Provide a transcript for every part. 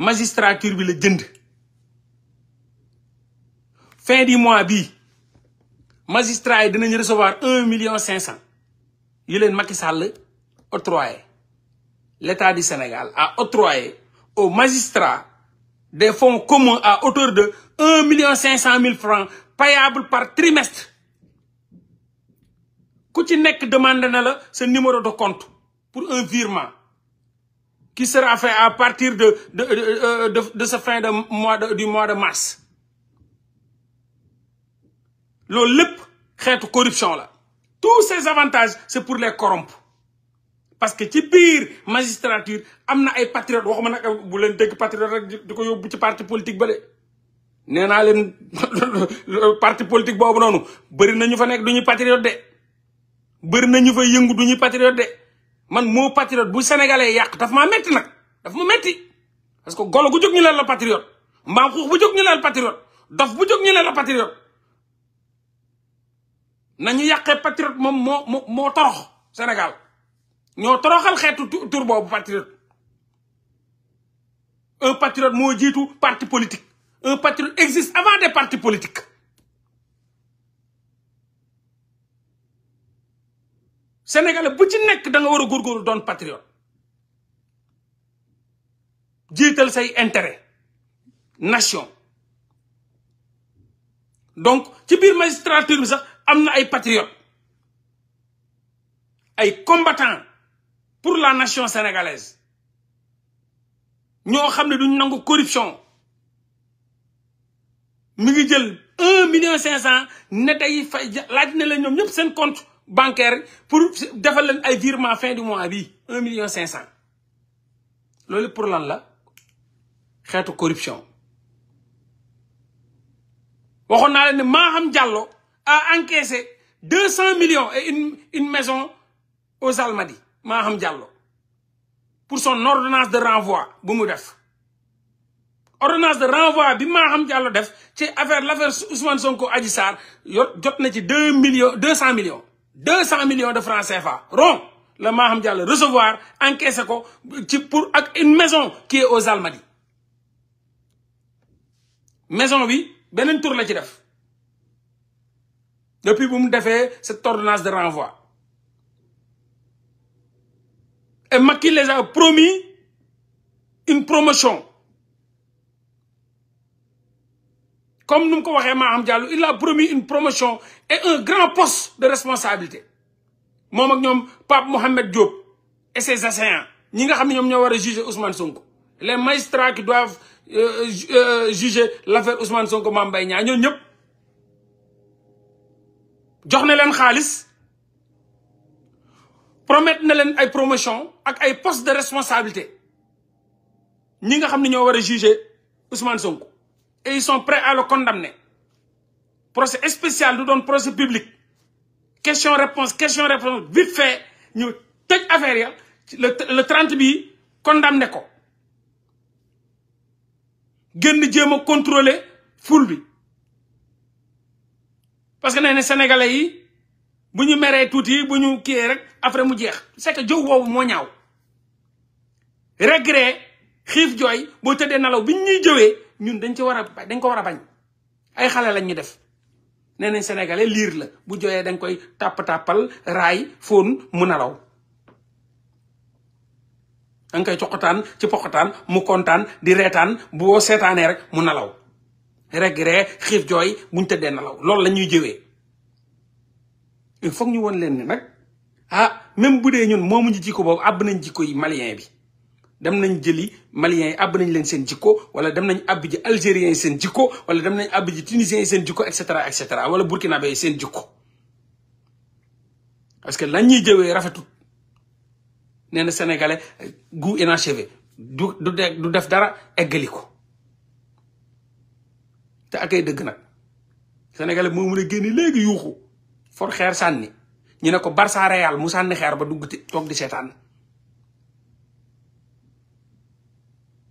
magistrature bi la jënd fin du mois bi magistrat donné recevoir 1,5 million cinq cent yu octroyé l'État du Sénégal a octroyé aux magistrats des fonds communs à hauteur de 1,5 million cinq francs payables par trimestre ku ci nekk demande na la numéro de compte pour un virement qui sera fait à partir de, de, de, euh, de ce fin de mois du mois de mars loolu lépp xeetu corruption là. tous ces avantages c'est pour les corrompre parce que ci biir magistrature amna na ay patriotes waxuma nag bu len deug patriote rek diko yobbu ci parti politique ba de nee naa parti politique bobu nonu, bëri na fa nek duñu patriote dé. bëri na fa yëngu duñu patriote dé. man moo patriote bu sénégalais yàq daf maa metti nag daf ma metti parce que golo gu jóg ñu leen la patriote mbaam xuux bu jóg ñu leen patriote dof bu jóg ñu leen la patriote nañu yàqee patriote moom moo moo moo torox Sénégal ñoo toroxal xeetu tur boobu patriote un patriote moo jiitu parti politique un patriote existe avant des partis politiques Sénégalais, vous ne pouvez pas être un patriote. Dites ses intérêts. Nation. Donc, si vous magistrat, vous avez patriote. Un combattant pour la nation sénégalaise. Nous avons que nous corruption. Nous avons 1 500 000 net. Nous avons dit que nous compte bancaire pour faire leen ay virement fin du mois bi un million cinq cent pour lan la corruption waxoon naa leen ne Maham Diallo a encaissé 200 millions et une une maison aux Almadi Maham Diallo pour son ordonnance de renvoi Boumoudef ordonnance de renvoi bi Maham Diallo def ci affaire l'affaire Ousmane Sonko adissar Sarr jot na ci millions deux millions 200 millions de francs CFA rond le Maham le recevoir encaissé ko pour une maison qui est aux Almadies maison bi benen tour la ci def depuis vous avez fait cette ordonnance de renvoi et Maki les a promis une promotion comme nous le Diallo, il a promis une promotion et un grand poste de responsabilité. Mom ak ñom Pape Mohamed Diop et ses assaillants, ñi nga xamni juger Ousmane Sonko. Les magistrats qui doivent euh, euh, juger l'affaire Ousmane Sonko Nous Mbaye Niang ñom ñep jox na len promotion et un postes de responsabilité. Ñi nga juger Ousmane Sonko et ils sont prêts à le condamner procès spécial du un procès public question réponse question réponse vite fait nous, tëj affaire ya le 30 mai, condamné ko génn jéem contrôler foule bi parce que nous, les sénégalais yi bu tout tout, nous bu ñu rek après mu c'est que jëw boobu moo ñaaw regret xiif Joy, boo vous nalaw bi ñuy jëwee ñun dañ ci war a dañ ko war a bañ ay xale lañ ñu def nee nañ sénégalais liir la bu jooyee dañ koy tàpp-tàppal raay fóon mu nalaw danga koy coqataan ci poqataan mu kontaan di reetaan boo seetaanee rek mu nalaw rek ree xiif jooy buñ tëddee nalaw loolu la ñuy jëwee il faut ñu woon leen ni nag ah même bu dee ñun moo mu moomuñu jikko boobu àbb nañ jikko yi malien bi dem nañ jëli maliens yi àbb nañ leen seen jikko wala dem nañ àbb ji yi seen jikko wala dem nañ àbb ji tunisiens yi seen jikko et cetera et cetera wala burkinabé yi seen jikko parce que lan ñuy jëwee rafetut nee na sénégalais euh, goût inachevé du du du def dara eggali ko te akay dëgg nag senegale moomu mun a léegi yuuxu for xeer sànni ñu ne ko Barça Real mu sànni xeer ba du dugg toog di seetaan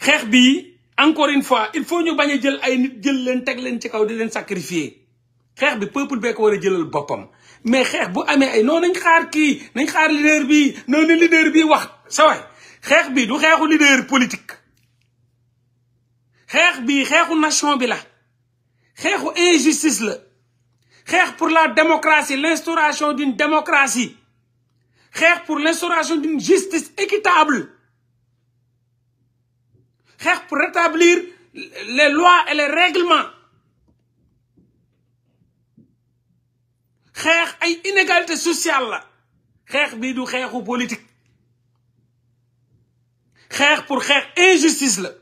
xex bi encore une fois il faut ñu bañ jël ay nit jël leen tek leen ci kaw di leen sacrifier xex bi peuple bee wara jëlal bopam mais xex bu amé ay non nañ xaar ki nañ xaar leader bi noonu leader bi wax sa waay xeex bi du xexu leader politique xex bi xexu nation bi la xexu injustice la xex pour la démocratie l'instauration d'une démocratie xex pour l'instauration d'une justice équitable xeex pour rétablir les lois et les règlements xeex ay inégalité sociale la xeex politique xeex pour xeex injustice